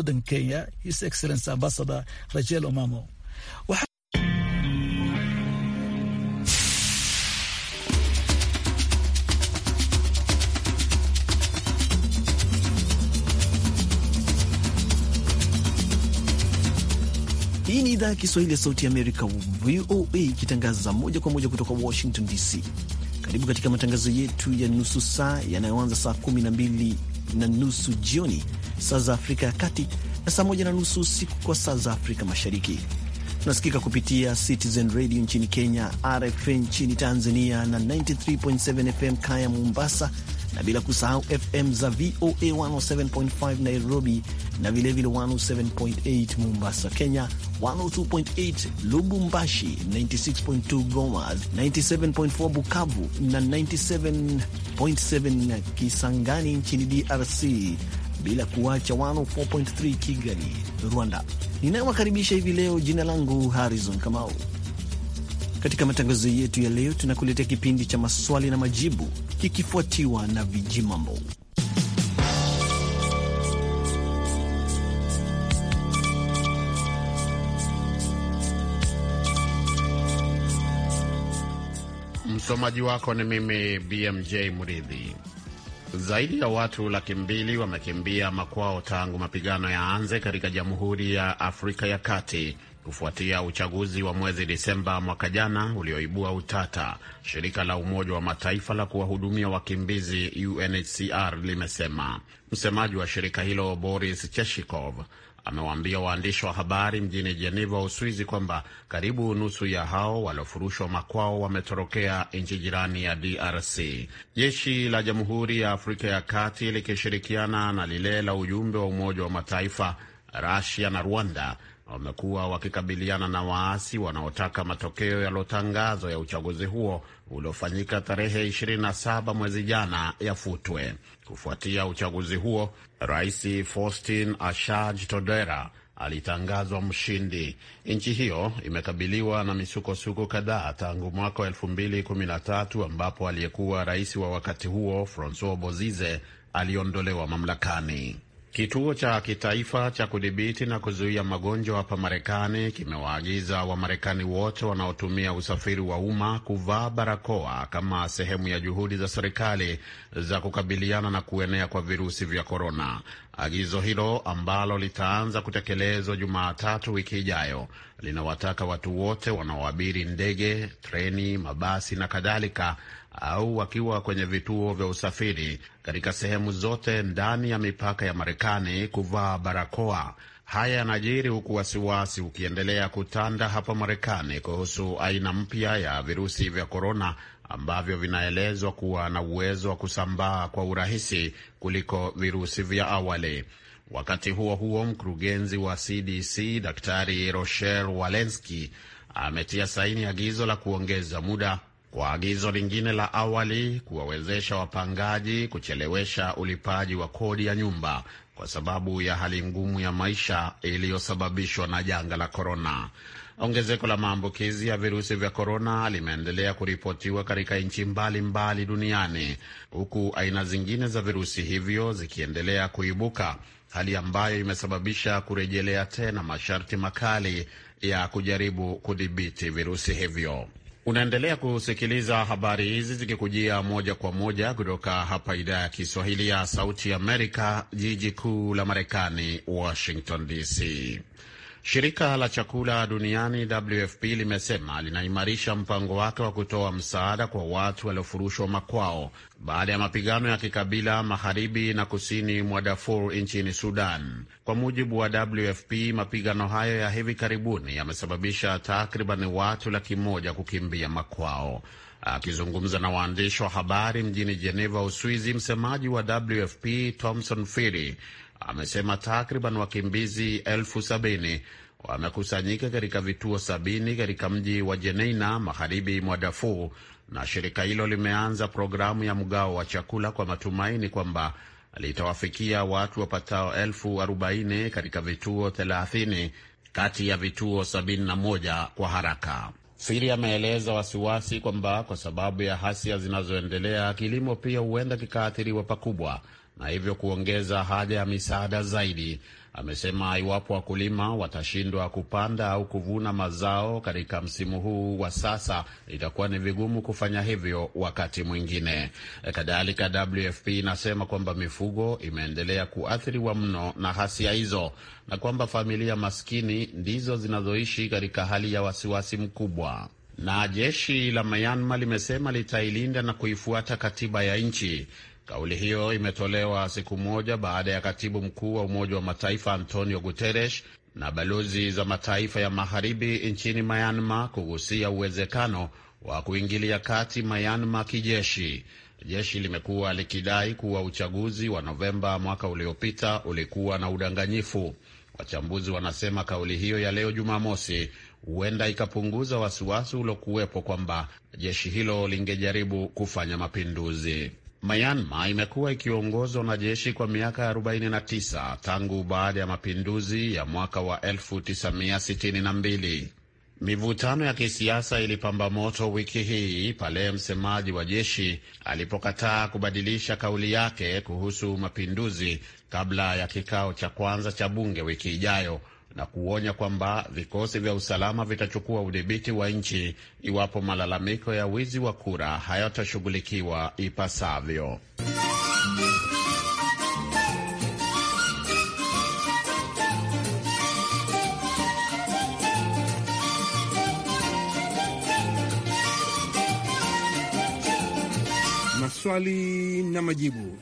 wadanka Kenya, His Excellency Ambassador Rajel Omamo. Hii ni idhaa ya Kiswahili ya Sauti ya Amerika, VOA, ikitangaza moja kwa moja kutoka Washington DC. Karibu katika matangazo yetu ya nusu saa yanayoanza saa 12 na nusu jioni saa za Afrika ya Kati na saa moja na nusu usiku kwa saa za Afrika Mashariki. Tunasikika kupitia Citizen Radio nchini Kenya, RFA nchini Tanzania na 93.7 FM Kaya Mombasa na bila kusahau FM za VOA 107.5 Nairobi na vilevile 107.8 Mombasa, Kenya, 102.8 Lubumbashi, 96.2 Goma, 97.4 Bukavu na 97.7 Kisangani nchini DRC, bila kuacha 104.3 Kigali, Rwanda. Ninayowakaribisha hivi leo, jina langu Harrison Kamau katika matangazo yetu ya leo, tunakuletea kipindi cha maswali na majibu kikifuatiwa na vijimambo. Msomaji wako ni mimi BMJ Mridhi. Zaidi ya watu laki mbili wamekimbia makwao tangu mapigano yaanze katika Jamhuri ya Afrika ya Kati kufuatia uchaguzi wa mwezi disemba mwaka jana ulioibua utata. Shirika la Umoja wa Mataifa la kuwahudumia wakimbizi UNHCR limesema. Msemaji wa shirika hilo Boris Cheshikov amewaambia waandishi wa habari mjini Jeneva, Uswizi, kwamba karibu nusu ya hao waliofurushwa makwao wametorokea nchi jirani ya DRC. Jeshi la Jamhuri ya Afrika ya Kati likishirikiana na lile la ujumbe wa Umoja wa Mataifa, rasia na Rwanda wamekuwa wakikabiliana na waasi wanaotaka matokeo yaliyotangazwa ya uchaguzi huo uliofanyika tarehe 27 mwezi jana yafutwe. Kufuatia uchaguzi huo, Rais Faustin Archange Touadera alitangazwa mshindi. Nchi hiyo imekabiliwa na misukosuko kadhaa tangu mwaka wa elfu ambapo aliyekuwa rais wa wakati huo Francois Bozize aliondolewa mamlakani. Kituo cha kitaifa cha kudhibiti na kuzuia magonjwa hapa Marekani kimewaagiza Wamarekani wote wanaotumia usafiri wa umma kuvaa barakoa kama sehemu ya juhudi za serikali za kukabiliana na kuenea kwa virusi vya korona. Agizo hilo ambalo litaanza kutekelezwa Jumatatu wiki ijayo linawataka watu wote wanaoabiri ndege, treni, mabasi na kadhalika au wakiwa kwenye vituo vya usafiri katika sehemu zote ndani ya mipaka ya Marekani kuvaa barakoa. Haya yanajiri huku wasiwasi ukiendelea kutanda hapa Marekani kuhusu aina mpya ya virusi vya korona ambavyo vinaelezwa kuwa na uwezo wa kusambaa kwa urahisi kuliko virusi vya awali. Wakati huo huo, mkurugenzi wa CDC Daktari Rochelle Walensky ametia saini agizo la kuongeza muda kwa agizo lingine la awali kuwawezesha wapangaji kuchelewesha ulipaji wa kodi ya nyumba kwa sababu ya hali ngumu ya maisha iliyosababishwa na janga la korona. Ongezeko la maambukizi ya virusi vya korona limeendelea kuripotiwa katika nchi mbalimbali duniani huku aina zingine za virusi hivyo zikiendelea kuibuka, hali ambayo imesababisha kurejelea tena masharti makali ya kujaribu kudhibiti virusi hivyo. Unaendelea kusikiliza habari hizi zikikujia moja kwa moja kutoka hapa idhaa ya Kiswahili ya Sauti Amerika, jiji kuu la Marekani, Washington DC. Shirika la chakula duniani WFP limesema linaimarisha mpango wake wa kutoa msaada kwa watu waliofurushwa makwao baada ya mapigano ya kikabila magharibi na kusini mwa Darfur nchini Sudan. Kwa mujibu wa WFP, mapigano hayo ya hivi karibuni yamesababisha takriban watu laki moja kukimbia makwao. Akizungumza na waandishi wa habari mjini Jeneva, Uswizi, msemaji wa WFP Thomson Firi amesema takriban wakimbizi elfu sabini wamekusanyika katika vituo sabini katika mji wa Jeneina magharibi mwa Darfur, na shirika hilo limeanza programu ya mgao wa chakula kwa matumaini kwamba litawafikia watu wapatao elfu arobaini katika vituo thelathini kati ya vituo sabini na moja kwa haraka. Siri ameeleza wasiwasi kwamba kwa sababu ya hasia zinazoendelea, kilimo pia huenda kikaathiriwa pakubwa na hivyo kuongeza haja ya misaada zaidi. Amesema iwapo wakulima watashindwa kupanda au kuvuna mazao katika msimu huu wa sasa, itakuwa ni vigumu kufanya hivyo wakati mwingine. Kadhalika, WFP inasema kwamba mifugo imeendelea kuathiriwa mno na hasia hizo na kwamba familia maskini ndizo zinazoishi katika hali ya wasiwasi mkubwa. Na jeshi la Myanmar limesema litailinda na kuifuata katiba ya nchi Kauli hiyo imetolewa siku moja baada ya katibu mkuu wa Umoja wa Mataifa Antonio Guterres na balozi za mataifa ya magharibi nchini Myanmar kugusia uwezekano wa kuingilia kati Myanmar kijeshi. Jeshi limekuwa likidai kuwa uchaguzi wa Novemba mwaka uliopita ulikuwa na udanganyifu. Wachambuzi wanasema kauli hiyo ya leo Jumamosi huenda ikapunguza wasiwasi uliokuwepo kwamba jeshi hilo lingejaribu kufanya mapinduzi. Myanmar imekuwa ikiongozwa na jeshi kwa miaka 49 tangu baada ya mapinduzi ya mwaka wa 1962. Mivutano ya kisiasa ilipamba moto wiki hii pale msemaji wa jeshi alipokataa kubadilisha kauli yake kuhusu mapinduzi kabla ya kikao cha kwanza cha bunge wiki ijayo na kuonya kwamba vikosi vya usalama vitachukua udhibiti wa nchi iwapo malalamiko ya wizi wa kura hayatashughulikiwa ipasavyo. Maswali na majibu.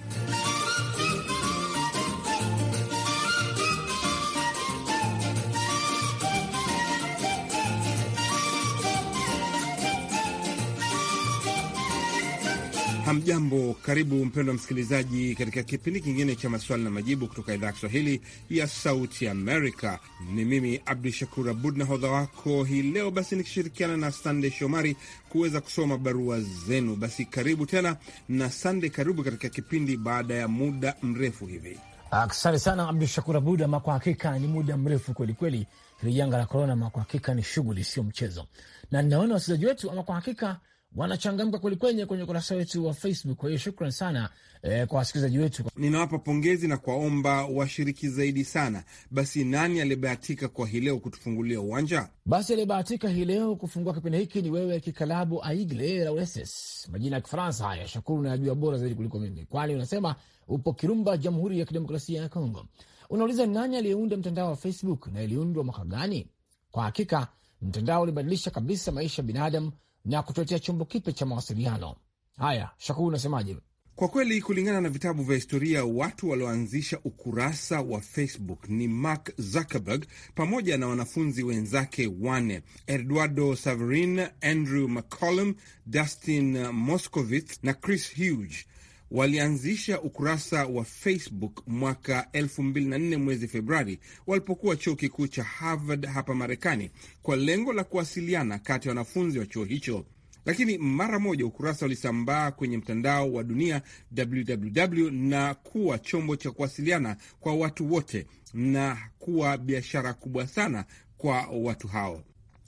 Hujambo, karibu mpendwa msikilizaji, katika kipindi kingine cha maswali na majibu kutoka idhaa ya Kiswahili ya Sauti Amerika. Ni mimi Abdu Shakur Abud, nahodha wako hii leo, basi nikishirikiana na sandey Shomari kuweza kusoma barua zenu. Basi karibu tena na Sande, karibu katika kipindi baada ya muda mrefu hivi. Asante sana Abdu Shakur Abud. Ama kwa hakika ni muda mrefu kwelikweli, hili janga la korona, ama kwa hakika ni shughuli, sio mchezo, na ninaona wasikilizaji wetu, ama kwa hakika wanachangamka kwelikwenye kwenye ukurasa wetu wa Facebook. Kwa hiyo shukran sana eh, kwa wasikilizaji wetu, ninawapa pongezi na kuwaomba washiriki zaidi sana. Basi nani aliyebahatika kwa hii leo kutufungulia uwanja? Basi aliyebahatika hii leo kufungua kipindi hiki ni wewe Kikalabu Aigle Laureses, majina ya Kifaransa haya. Shukuru, unayajua bora zaidi kuliko mimi, kwani unasema upo Kirumba, Jamhuri ya Kidemokrasia ya Kongo. Unauliza nani aliyeunda mtandao wa Facebook na iliundwa mwaka gani? Kwa hakika mtandao ulibadilisha kabisa maisha ya binadamu na kutuletea chombo kipya cha mawasiliano. Haya, Shakuru, unasemaje? Kwa kweli, kulingana na vitabu vya historia, watu walioanzisha ukurasa wa Facebook ni Mark Zuckerberg pamoja na wanafunzi wenzake wane: Eduardo Saverin, Andrew McCollum, Dustin moskovitz na Chris Hughes walianzisha ukurasa wa Facebook mwaka 2004 mwezi Februari walipokuwa chuo kikuu cha Harvard hapa Marekani, kwa lengo la kuwasiliana kati ya wanafunzi wa chuo hicho lakini mara moja ukurasa ulisambaa kwenye mtandao wa dunia www na kuwa chombo cha kuwasiliana kwa watu wote na kuwa biashara kubwa sana kwa watu hao.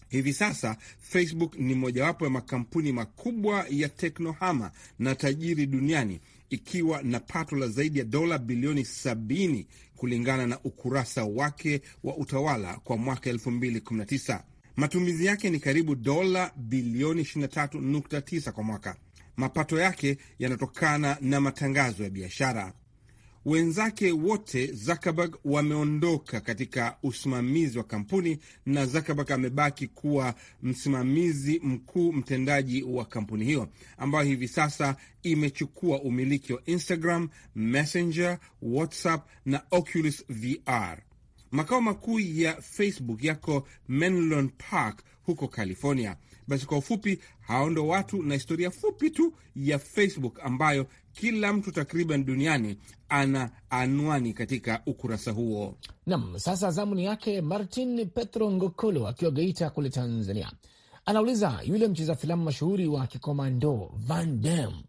Hivi sasa Facebook ni mojawapo ya makampuni makubwa ya teknohama na tajiri duniani ikiwa na pato la zaidi ya dola bilioni 70 kulingana na ukurasa wake wa utawala kwa mwaka 2019. Matumizi yake ni karibu dola bilioni 23.9 kwa mwaka. Mapato yake yanatokana na matangazo ya biashara. Wenzake wote Zuckerberg wameondoka katika usimamizi wa kampuni na Zuckerberg amebaki kuwa msimamizi mkuu mtendaji wa kampuni hiyo ambayo hivi sasa imechukua umiliki wa Instagram, Messenger, WhatsApp na Oculus VR. Makao makuu ya Facebook yako Menlo Park huko California. Basi kwa ufupi, hao ndo watu na historia fupi tu ya Facebook ambayo kila mtu takriban duniani ana anwani katika ukurasa huo. Nam, sasa zamu ni yake Martin Petro Ngokolo akiwa Geita kule Tanzania, anauliza yule mcheza filamu mashuhuri wa kikomando Van Damme.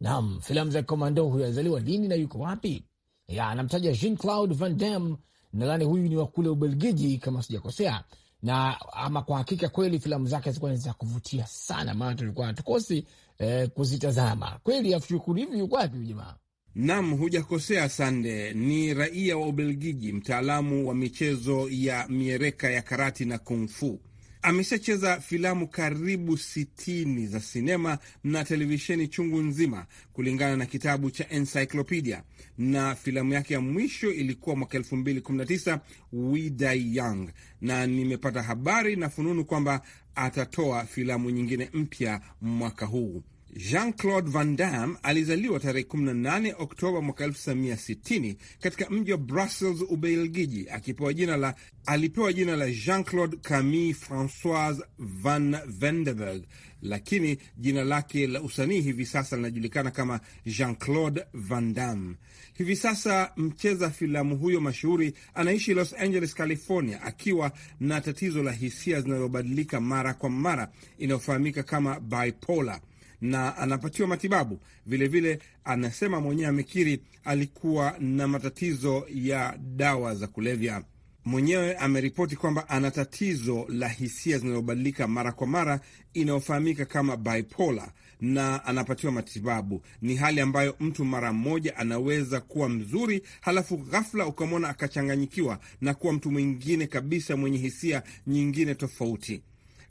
Nam, filamu za kikomando huyo alizaliwa lini na yuko wapi? Ya, anamtaja Jean Claude Van Damme, nadhani huyu ni wa kule Ubelgiji kama sijakosea na ama kwa hakika kweli filamu zake zilikuwa za kuvutia sana, maana tulikuwa hatukosi eh, kuzitazama kweli. Afshukulivi yuko wapi jamaa? Nam, hujakosea Sande. Ni raia wa Ubelgiji, mtaalamu wa michezo ya miereka ya karati na kungfu. Ameshacheza filamu karibu sitini za sinema na televisheni chungu nzima kulingana na kitabu cha Encyclopedia, na filamu yake ya mwisho ilikuwa mwaka 2019 We Die Young, na nimepata habari na fununu kwamba atatoa filamu nyingine mpya mwaka huu. Jean-Claude Van Damme alizaliwa tarehe 18 Oktoba mwaka 1960 katika mji wa Brussels, Ubelgiji, akipewa jina la alipewa jina la Jean-Claude Camille Francois Van Vandenberg, lakini jina lake la usanii hivi sasa linajulikana kama Jean-Claude Van Damme. Hivi sasa mcheza filamu huyo mashuhuri anaishi Los Angeles, California, akiwa na tatizo la hisia zinazobadilika mara kwa mara inayofahamika kama bipolar na anapatiwa matibabu vilevile vile. Anasema mwenyewe amekiri alikuwa na matatizo ya dawa za kulevya. Mwenyewe ameripoti kwamba ana tatizo la hisia zinazobadilika mara kwa mara inayofahamika kama bipolar na anapatiwa matibabu. Ni hali ambayo mtu mara mmoja anaweza kuwa mzuri, halafu ghafla ukamwona akachanganyikiwa na kuwa mtu mwingine kabisa mwenye hisia nyingine tofauti.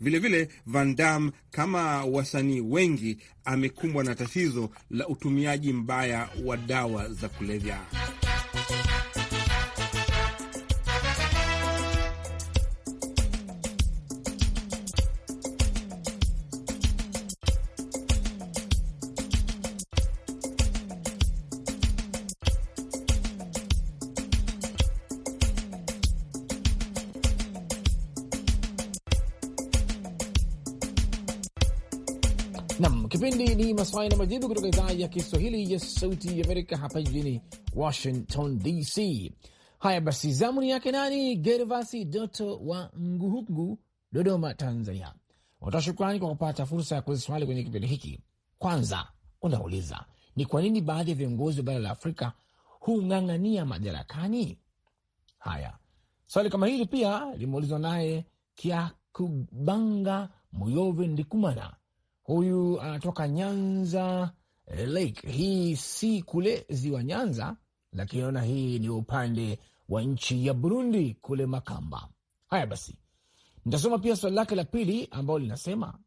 Vilevile Van Dam kama wasanii wengi amekumbwa na tatizo la utumiaji mbaya wa dawa za kulevya. maswali na majibu kutoka idhaa ya Kiswahili ya Sauti ya Amerika hapa jijini Washington DC. Haya basi, zamu ni yake nani? Gervasi Doto wa Nguhungu, Dodoma, Tanzania, unatoa shukrani kwa kupata fursa ya kuuliza swali kwenye kipindi hiki. Kwanza unauliza ni kwa nini baadhi ya viongozi wa bara la Afrika hung'ang'ania madarakani. Haya, swali kama hili pia limeulizwa naye Kiakubanga Muyove Ndikumana Huyu anatoka Nyanza eh, Lake, hii si kule ziwa Nyanza, lakini naona hii ni upande wa nchi ya Burundi kule Makamba. Haya basi, nitasoma pia swali lake la pili ambalo linasema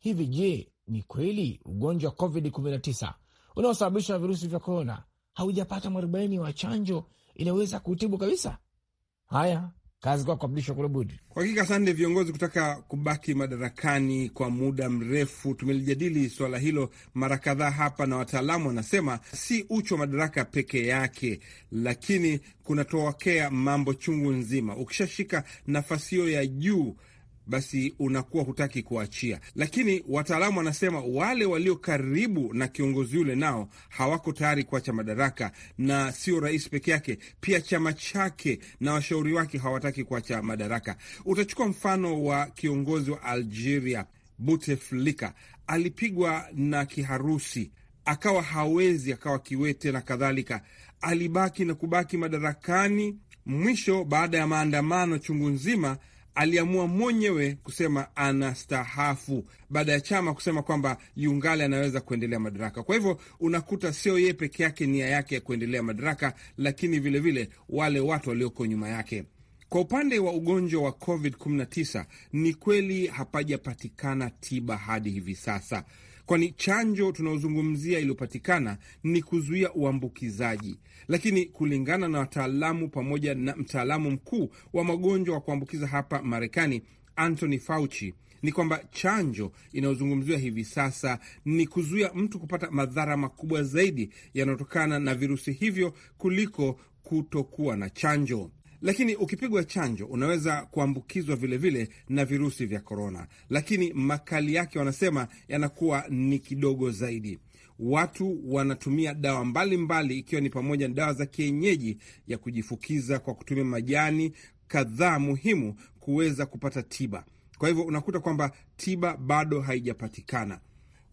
hivi: Je, ni kweli ugonjwa wa COVID-19 unaosababishwa na virusi vya korona haujapata mwarobaini wa chanjo inaweza kutibu kabisa? Haya, Kazi kwako Abdushakur Abud. Kwa hakika sande. Viongozi kutaka kubaki madarakani kwa muda mrefu, tumelijadili suala hilo mara kadhaa hapa, na wataalamu wanasema si uchu wa madaraka peke yake, lakini kunatokea mambo chungu nzima. Ukishashika nafasi hiyo ya juu basi unakuwa hutaki kuachia. Lakini wataalamu wanasema wale walio karibu na kiongozi yule nao hawako tayari kuacha madaraka, na sio rais peke yake, pia chama chake na washauri wake hawataki kuacha madaraka. Utachukua mfano wa kiongozi wa Algeria Bouteflika, alipigwa na kiharusi akawa hawezi, akawa kiwete na kadhalika, alibaki na kubaki madarakani. Mwisho, baada ya maandamano chungu nzima aliamua mwenyewe kusema anastahafu baada ya chama kusema kwamba yungali anaweza kuendelea madaraka. Kwa hivyo unakuta sio yeye peke yake nia yake ya kuendelea madaraka, lakini vilevile vile, wale watu walioko nyuma yake. Kwa upande wa ugonjwa wa COVID-19 ni kweli hapajapatikana tiba hadi hivi sasa kwani chanjo tunaozungumzia iliyopatikana ni kuzuia uambukizaji. Lakini kulingana na wataalamu pamoja na mtaalamu mkuu wa magonjwa wa kuambukiza hapa Marekani, Anthony Fauci, ni kwamba chanjo inayozungumziwa hivi sasa ni kuzuia mtu kupata madhara makubwa zaidi yanayotokana na virusi hivyo kuliko kutokuwa na chanjo. Lakini ukipigwa chanjo unaweza kuambukizwa vilevile na virusi vya korona, lakini makali yake wanasema yanakuwa ni kidogo zaidi. Watu wanatumia dawa mbalimbali, ikiwa ni pamoja na dawa za kienyeji ya kujifukiza kwa kutumia majani kadhaa muhimu kuweza kupata tiba. Kwa hivyo unakuta kwamba tiba bado haijapatikana.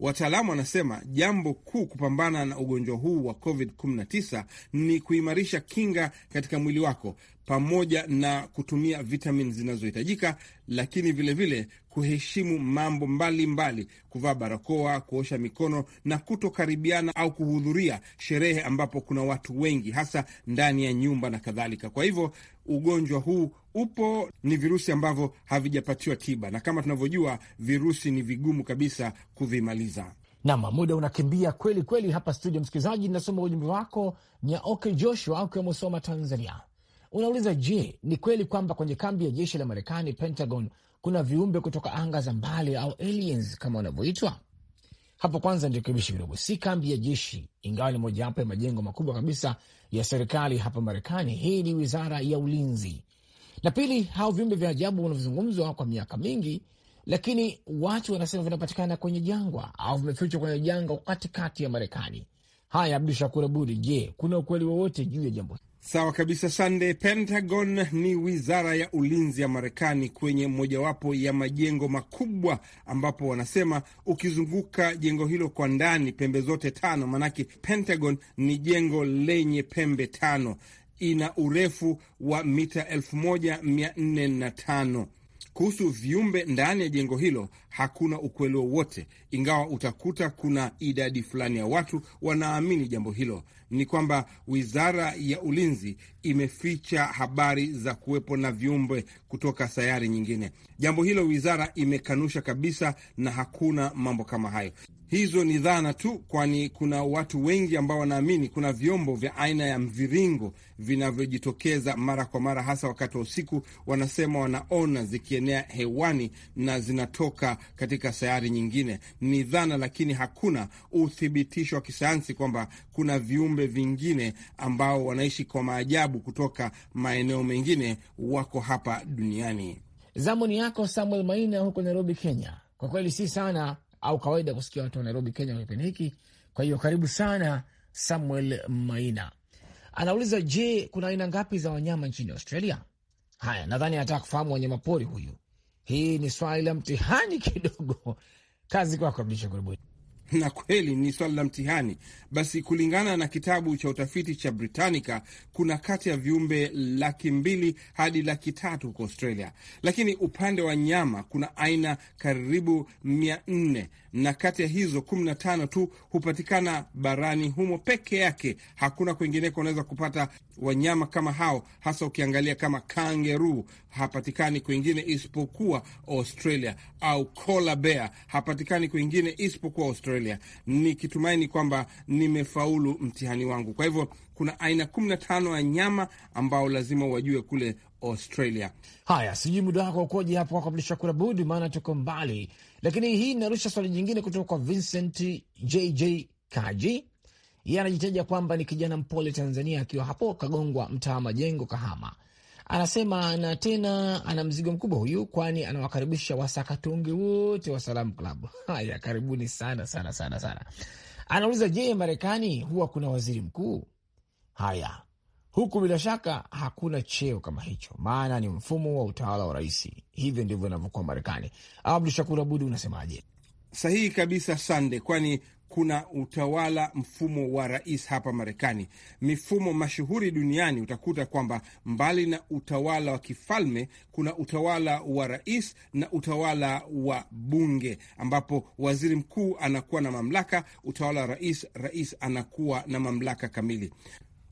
Wataalamu wanasema jambo kuu kupambana na ugonjwa huu wa COVID-19 ni kuimarisha kinga katika mwili wako, pamoja na kutumia vitamini zinazohitajika, lakini vilevile vile kuheshimu mambo mbalimbali, kuvaa barakoa, kuosha mikono na kutokaribiana au kuhudhuria sherehe ambapo kuna watu wengi, hasa ndani ya nyumba na kadhalika. Kwa hivyo ugonjwa huu upo, ni virusi ambavyo havijapatiwa tiba, na kama tunavyojua virusi ni vigumu kabisa kuvimaliza. Nam, muda unakimbia kweli kweli hapa studio. Msikilizaji, nasoma ujumbe wako Nyaoke Joshua ukiwa Musoma, Tanzania unauliza je, ni kweli kwamba kwenye kambi ya jeshi la Marekani, Pentagon, kuna viumbe kutoka anga za mbali au aliens kama wanavyoitwa? Hapo kwanza nirekebishe kidogo, si kambi ya jeshi, ingawa ni mojawapo ya majengo makubwa kabisa ya serikali hapa Marekani. Hii ni wizara ya ulinzi. Na pili, hao viumbe vya ajabu wanavyozungumzwa kwa miaka mingi, lakini watu wanasema vinapatikana kwenye jangwa au vimefichwa kwenye jangwa katikati ya Marekani. Haya, Abdu Shakur Abudi, je, kuna ukweli wowote juu ya jambo hili? Sawa kabisa, Sande. Pentagon ni wizara ya ulinzi ya Marekani, kwenye mojawapo ya majengo makubwa, ambapo wanasema ukizunguka jengo hilo kwa ndani, pembe zote tano, maanake Pentagon ni jengo lenye pembe tano, ina urefu wa mita 145 kuhusu viumbe ndani ya jengo hilo hakuna ukweli wowote, ingawa utakuta kuna idadi fulani ya watu wanaamini jambo hilo. Ni kwamba wizara ya ulinzi imeficha habari za kuwepo na viumbe kutoka sayari nyingine. Jambo hilo wizara imekanusha kabisa, na hakuna mambo kama hayo. Hizo ni dhana tu, kwani kuna watu wengi ambao wanaamini kuna vyombo vya aina ya mviringo vinavyojitokeza mara kwa mara, hasa wakati wa usiku. Wanasema wanaona zikienea hewani na zinatoka katika sayari nyingine. Ni dhana, lakini hakuna uthibitisho wa kisayansi kwamba kuna viumbe vingine ambao wanaishi kwa maajabu kutoka maeneo mengine, wako hapa duniani. Zamuni yako Samuel Maina huko Nairobi, Kenya. Kwa kweli si sana au kawaida kusikia watu wa Nairobi, Kenya kwa kipindi hiki. Kwa hiyo karibu sana Samuel Maina anauliza, je, kuna aina ngapi za wanyama nchini Australia? Haya, nadhani anataka kufahamu wanyamapori huyu. Hii ni swali la mtihani kidogo. Kazi kwako Abdisha Kurubuni. na kweli ni swala la mtihani. Basi kulingana na kitabu cha utafiti cha Britannica, kuna kati ya viumbe laki mbili hadi laki tatu huko Australia, lakini upande wa nyama kuna aina karibu mia nne na kati ya hizo kumi tu hupatikana barani humo peke yake. Hakuna kwingineko unaweza kupata wanyama kama hao, hasa ukiangalia kama kangaroo hapatikani kwingine isipokuwa Australia, au koala bear hapatikani kwingine isipokuwa Australia. Nikitumaini kwamba nimefaulu mtihani wangu. Kwa hivyo kuna aina 15 na ya nyama ambao lazima wajue kule Australia. Haya, sijui muda wako ukoje hapo wako Abdushakur Abud, maana tuko mbali, lakini hii inarusha swali jingine kutoka kwa Vincent JJ Kaji. Yeye anajitaja kwamba ni kijana mpole Tanzania, akiwa hapo Kagongwa, mtaa Majengo, Kahama. Anasema na tena ana mzigo mkubwa huyu, kwani anawakaribisha wasakatonge wote wa Salam Club. Haya, karibuni sana sana sana sana. Anauliza, je, Marekani huwa kuna waziri mkuu? Haya, huku bila shaka hakuna cheo kama hicho, maana ni mfumo wa utawala wa rais. Hivyo ndivyo inavyokuwa Marekani. Abdu Shakur abudi unasemaje? Sahihi kabisa, sande, kwani kuna utawala mfumo wa rais hapa Marekani. Mifumo mashuhuri duniani utakuta kwamba mbali na utawala wa kifalme kuna utawala wa rais na utawala wa bunge, ambapo waziri mkuu anakuwa na mamlaka. Utawala wa rais, rais anakuwa na mamlaka kamili.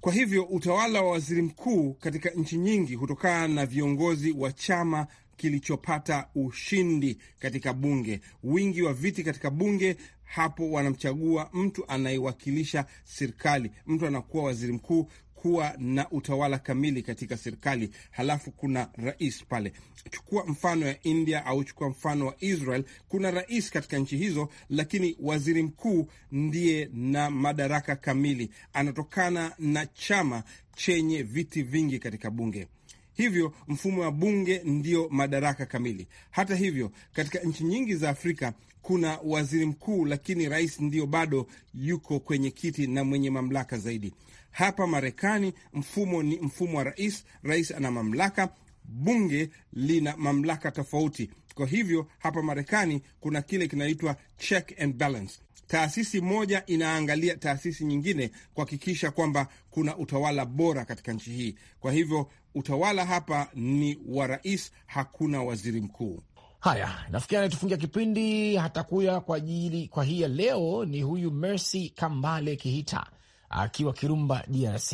Kwa hivyo utawala wa waziri mkuu katika nchi nyingi hutokana na viongozi wa chama kilichopata ushindi katika bunge, wingi wa viti katika bunge. Hapo wanamchagua mtu anayewakilisha serikali, mtu anakuwa waziri mkuu kuwa na utawala kamili katika serikali, halafu kuna rais pale. Chukua mfano ya India au chukua mfano wa Israel, kuna rais katika nchi hizo, lakini waziri mkuu ndiye na madaraka kamili, anatokana na chama chenye viti vingi katika bunge. Hivyo mfumo wa bunge ndio madaraka kamili. Hata hivyo, katika nchi nyingi za Afrika kuna waziri mkuu, lakini rais ndio bado yuko kwenye kiti na mwenye mamlaka zaidi. Hapa Marekani mfumo ni mfumo wa rais. Rais ana mamlaka, bunge lina mamlaka tofauti. Kwa hivyo hapa Marekani kuna kile kinaitwa check and balance. Taasisi moja inaangalia taasisi nyingine kuhakikisha kwamba kuna utawala bora katika nchi hii. Kwa hivyo utawala hapa ni wa rais, hakuna waziri mkuu. Haya, nafikiri anayetufungia kipindi hatakuya kwa ajili kwa hii ya leo ni huyu Mercy Kambale Kihita akiwa Kirumba, DRC.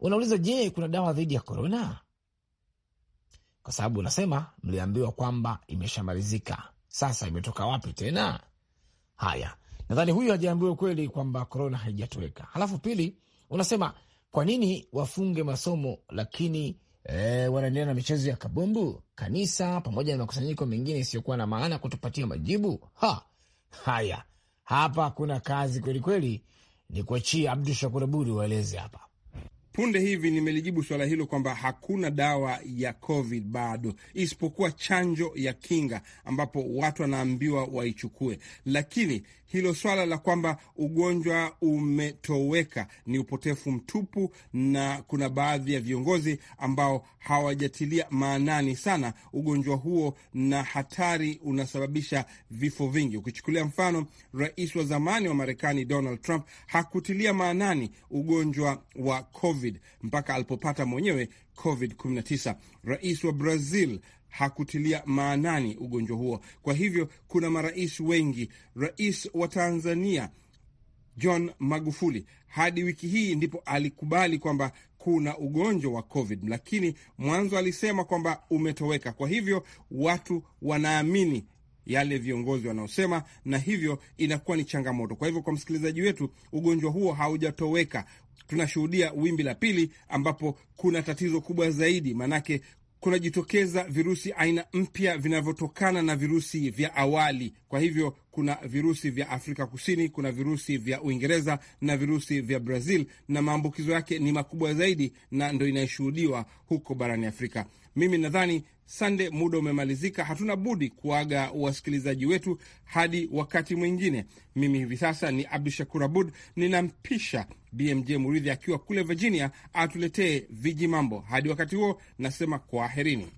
Unauliza, je, kuna dawa dhidi ya korona? Kwa sababu unasema mliambiwa kwamba imeshamalizika, sasa imetoka wapi tena? Haya, nadhani huyu hajaambiwa ukweli kwamba korona haijatoweka. Halafu pili, unasema kwa nini wafunge masomo lakini E, wanaendelea na michezo ya kabumbu kanisa pamoja na makusanyiko mengine isiyokuwa na maana kutupatia majibu ha. Haya, hapa kuna kazi kwelikweli ni kuachia Abdu Shakur aburi waeleze hapa punde hivi. Nimelijibu suala hilo kwamba hakuna dawa ya COVID bado isipokuwa chanjo ya kinga, ambapo watu wanaambiwa waichukue, lakini hilo swala la kwamba ugonjwa umetoweka ni upotefu mtupu, na kuna baadhi ya viongozi ambao hawajatilia maanani sana ugonjwa huo na hatari unasababisha vifo vingi. Ukichukulia mfano, rais wa zamani wa Marekani Donald Trump hakutilia maanani ugonjwa wa COVID mpaka alipopata mwenyewe COVID-19. Rais wa Brazil hakutilia maanani ugonjwa huo. Kwa hivyo kuna marais wengi. Rais wa Tanzania John Magufuli hadi wiki hii ndipo alikubali kwamba kuna ugonjwa wa COVID, lakini mwanzo alisema kwamba umetoweka. Kwa hivyo watu wanaamini yale viongozi wanaosema, na hivyo inakuwa ni changamoto. Kwa hivyo, kwa msikilizaji wetu, ugonjwa huo haujatoweka. Tunashuhudia wimbi la pili ambapo kuna tatizo kubwa zaidi, maanake kunajitokeza virusi aina mpya vinavyotokana na virusi vya awali. Kwa hivyo kuna virusi vya Afrika Kusini, kuna virusi vya Uingereza na virusi vya Brazil, na maambukizo yake ni makubwa zaidi, na ndo inayoshuhudiwa huko barani Afrika. Mimi nadhani Sande, muda umemalizika, hatuna budi kuaga wasikilizaji wetu hadi wakati mwingine. Mimi hivi sasa ni Abdu Shakur Abud, ninampisha BMJ Muridhi akiwa kule Virginia atuletee viji mambo. Hadi wakati huo, nasema kwaherini.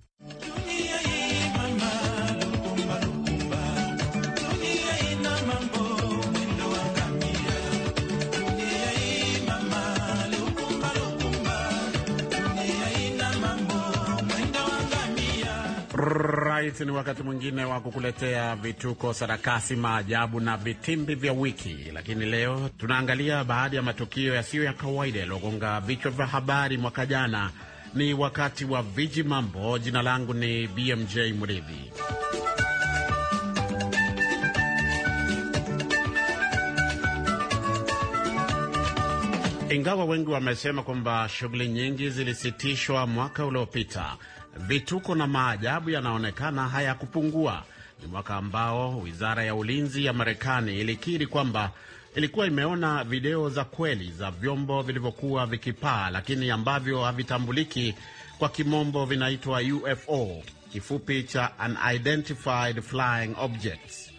Right, ni wakati mwingine wa kukuletea vituko, sarakasi, maajabu na vitimbi vya wiki, lakini leo tunaangalia baadhi ya matukio yasiyo ya kawaida yaliyogonga vichwa vya habari mwaka jana. Ni wakati wa viji mambo. Jina langu ni BMJ Mridhi. Ingawa wengi wamesema kwamba shughuli nyingi zilisitishwa mwaka uliopita vituko na maajabu yanaonekana hayakupungua. Ni mwaka ambao wizara ya ulinzi ya Marekani ilikiri kwamba ilikuwa imeona video za kweli za vyombo vilivyokuwa vikipaa, lakini ambavyo havitambuliki, kwa kimombo vinaitwa UFO, kifupi cha unidentified flying objects.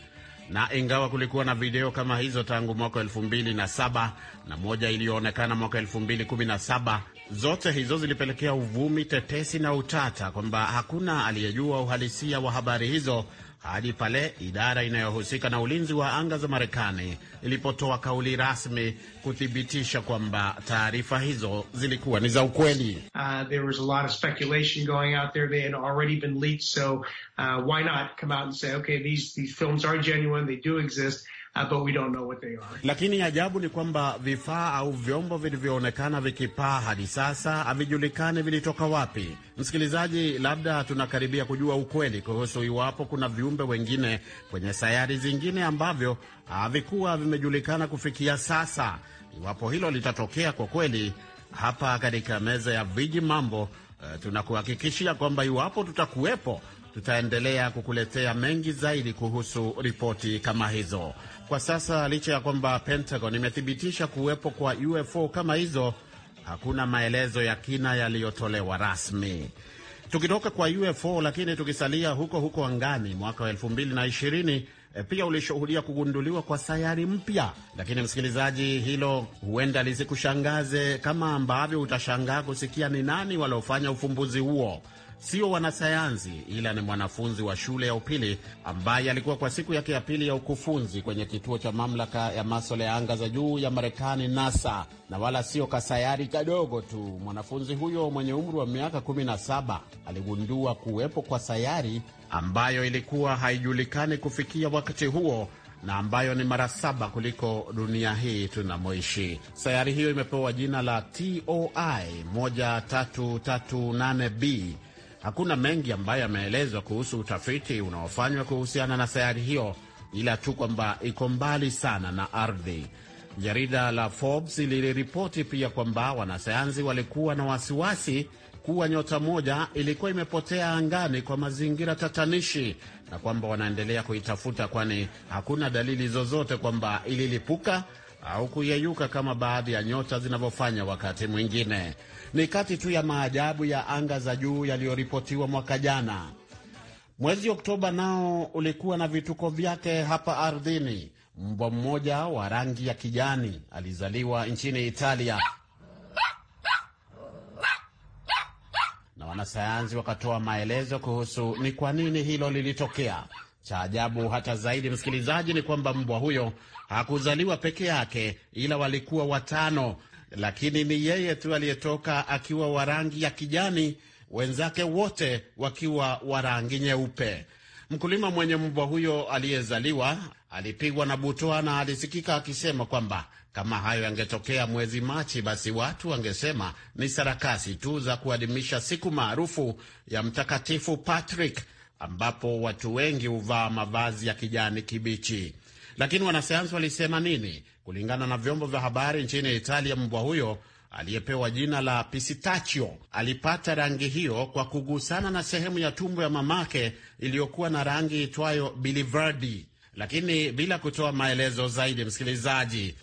Na ingawa kulikuwa na video kama hizo tangu mwaka 27 na moja iliyoonekana mwaka 217 Zote hizo zilipelekea uvumi, tetesi na utata kwamba hakuna aliyejua uhalisia wa habari hizo hadi pale idara inayohusika na ulinzi wa anga za Marekani ilipotoa kauli rasmi kuthibitisha kwamba taarifa hizo zilikuwa ni za ukweli. Uh, Uh, but we don't know what they are. Lakini ajabu ni kwamba vifaa au vyombo vilivyoonekana vikipaa hadi sasa havijulikani vilitoka wapi. Msikilizaji, labda tunakaribia kujua ukweli kuhusu iwapo kuna viumbe wengine kwenye sayari zingine ambavyo havikuwa vimejulikana kufikia sasa. Iwapo hilo litatokea kwa kweli, hapa katika meza ya viji mambo, uh, tunakuhakikishia kwamba iwapo tutakuwepo tutaendelea kukuletea mengi zaidi kuhusu ripoti kama hizo. Kwa sasa, licha ya kwamba Pentagon imethibitisha kuwepo kwa UFO kama hizo, hakuna maelezo ya kina yaliyotolewa rasmi. Tukitoka kwa UFO lakini tukisalia huko huko angani, mwaka wa elfu e, pia ulishuhudia kugunduliwa kwa sayari mpya. Lakini msikilizaji, hilo huenda lisikushangaze kama ambavyo utashangaa kusikia ni nani waliofanya ufumbuzi huo sio wanasayansi, ila ni mwanafunzi wa shule ya upili ambaye alikuwa kwa siku yake ya pili ya ukufunzi kwenye kituo cha mamlaka ya maswala ya anga za juu ya Marekani, NASA, na wala sio kasayari kadogo tu. Mwanafunzi huyo mwenye umri wa miaka 17 aligundua kuwepo kwa sayari ambayo ilikuwa haijulikani kufikia wakati huo na ambayo ni mara saba kuliko dunia hii tunamoishi. Sayari hiyo imepewa jina la TOI 1338b Hakuna mengi ambayo yameelezwa kuhusu utafiti unaofanywa kuhusiana na sayari hiyo, ila tu kwamba iko mbali sana na ardhi. Jarida la Forbes liliripoti pia kwamba wanasayansi walikuwa na wasiwasi kuwa nyota moja ilikuwa imepotea angani kwa mazingira tatanishi, na kwamba wanaendelea kuitafuta, kwani hakuna dalili zozote kwamba ililipuka au kuyeyuka kama baadhi ya nyota zinavyofanya wakati mwingine. Ni kati tu ya maajabu ya anga za juu yaliyoripotiwa mwaka jana. Mwezi Oktoba nao ulikuwa na vituko vyake hapa ardhini. Mbwa mmoja wa rangi ya kijani alizaliwa nchini Italia na wanasayansi wakatoa maelezo kuhusu ni kwa nini hilo lilitokea. Cha ajabu hata zaidi, msikilizaji, ni kwamba mbwa huyo hakuzaliwa peke yake, ila walikuwa watano, lakini ni yeye tu aliyetoka akiwa wa rangi ya kijani, wenzake wote wakiwa wa rangi nyeupe. Mkulima mwenye mbwa huyo aliyezaliwa alipigwa na butoa na alisikika akisema kwamba kama hayo yangetokea mwezi Machi, basi watu wangesema ni sarakasi tu za kuadhimisha siku maarufu ya Mtakatifu Patrick, ambapo watu wengi huvaa mavazi ya kijani kibichi. Lakini wanasayansi walisema nini? Kulingana na vyombo vya habari nchini Italia, mbwa huyo aliyepewa jina la Pisitachio alipata rangi hiyo kwa kugusana na sehemu ya tumbo ya mamake iliyokuwa na rangi itwayo bilivardi, lakini bila kutoa maelezo zaidi. Msikilizaji,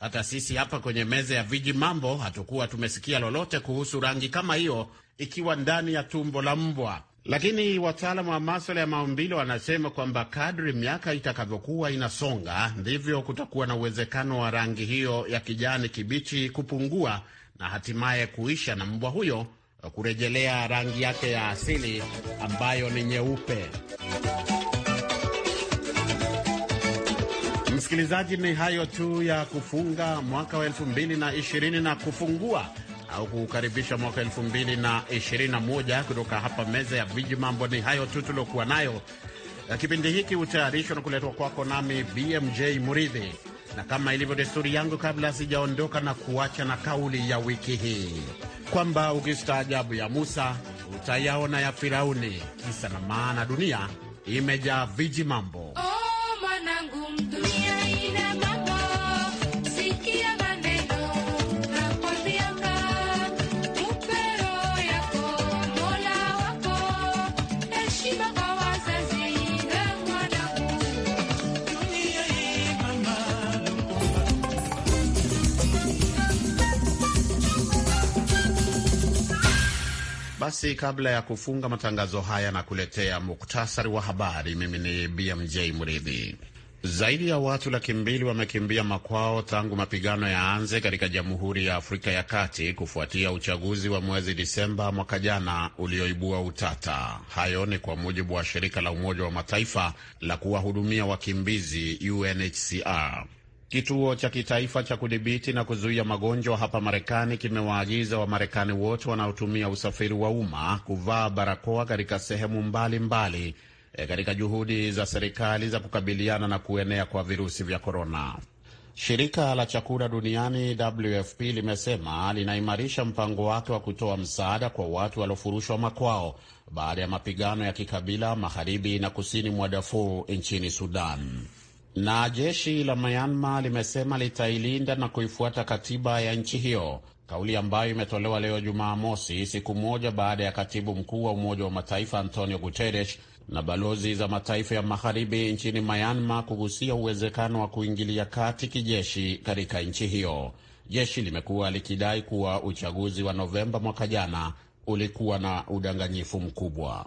hata sisi hapa kwenye meza ya viji mambo hatukuwa tumesikia lolote kuhusu rangi kama hiyo ikiwa ndani ya tumbo la mbwa. Lakini wataalamu wa maswala ya maumbile wanasema kwamba kadri miaka itakavyokuwa inasonga ndivyo kutakuwa na uwezekano wa rangi hiyo ya kijani kibichi kupungua na hatimaye kuisha na mbwa huyo kurejelea rangi yake ya asili ambayo ni nyeupe. Msikilizaji, ni hayo tu ya kufunga mwaka wa elfu mbili na ishirini na kufungua au kukaribisha mwaka moja kutoka hapa meza ya viji mambo Ni hayo tu tuliokuwa nayo. Kipindi hiki hutayarishwa na kuletwa kwako nami BMJ Muridhi, na kama ilivyo desturi yangu, kabla sijaondoka na kuacha na kauli ya wiki hii kwamba ukistaajabu ya Musa utayaona ya Firauni. Kisa na maana, dunia imejaa viji mambo. Oh, Basi kabla ya kufunga matangazo haya na kuletea muktasari wa habari, mimi ni BMJ Mridhi. Zaidi ya watu laki mbili wamekimbia makwao tangu mapigano yaanze katika Jamhuri ya Afrika ya Kati kufuatia uchaguzi wa mwezi Disemba mwaka jana ulioibua utata. Hayo ni kwa mujibu wa shirika la Umoja wa Mataifa la kuwahudumia wakimbizi UNHCR. Kituo cha kitaifa cha kudhibiti na kuzuia magonjwa hapa Marekani kimewaagiza Wamarekani wote wanaotumia usafiri wa umma kuvaa barakoa katika sehemu mbalimbali eh, katika juhudi za serikali za kukabiliana na kuenea kwa virusi vya korona. Shirika la chakula duniani WFP limesema linaimarisha mpango wake wa kutoa msaada kwa watu waliofurushwa makwao baada ya mapigano ya kikabila magharibi na kusini mwa Darfur nchini Sudan. Na jeshi la Myanmar limesema litailinda na kuifuata katiba ya nchi hiyo, kauli ambayo imetolewa leo Jumamosi, siku moja baada ya katibu mkuu wa Umoja wa Mataifa Antonio Guterres na balozi za mataifa ya magharibi nchini Myanmar kugusia uwezekano wa kuingilia kati kijeshi katika nchi hiyo. Jeshi limekuwa likidai kuwa uchaguzi wa Novemba mwaka jana ulikuwa na udanganyifu mkubwa.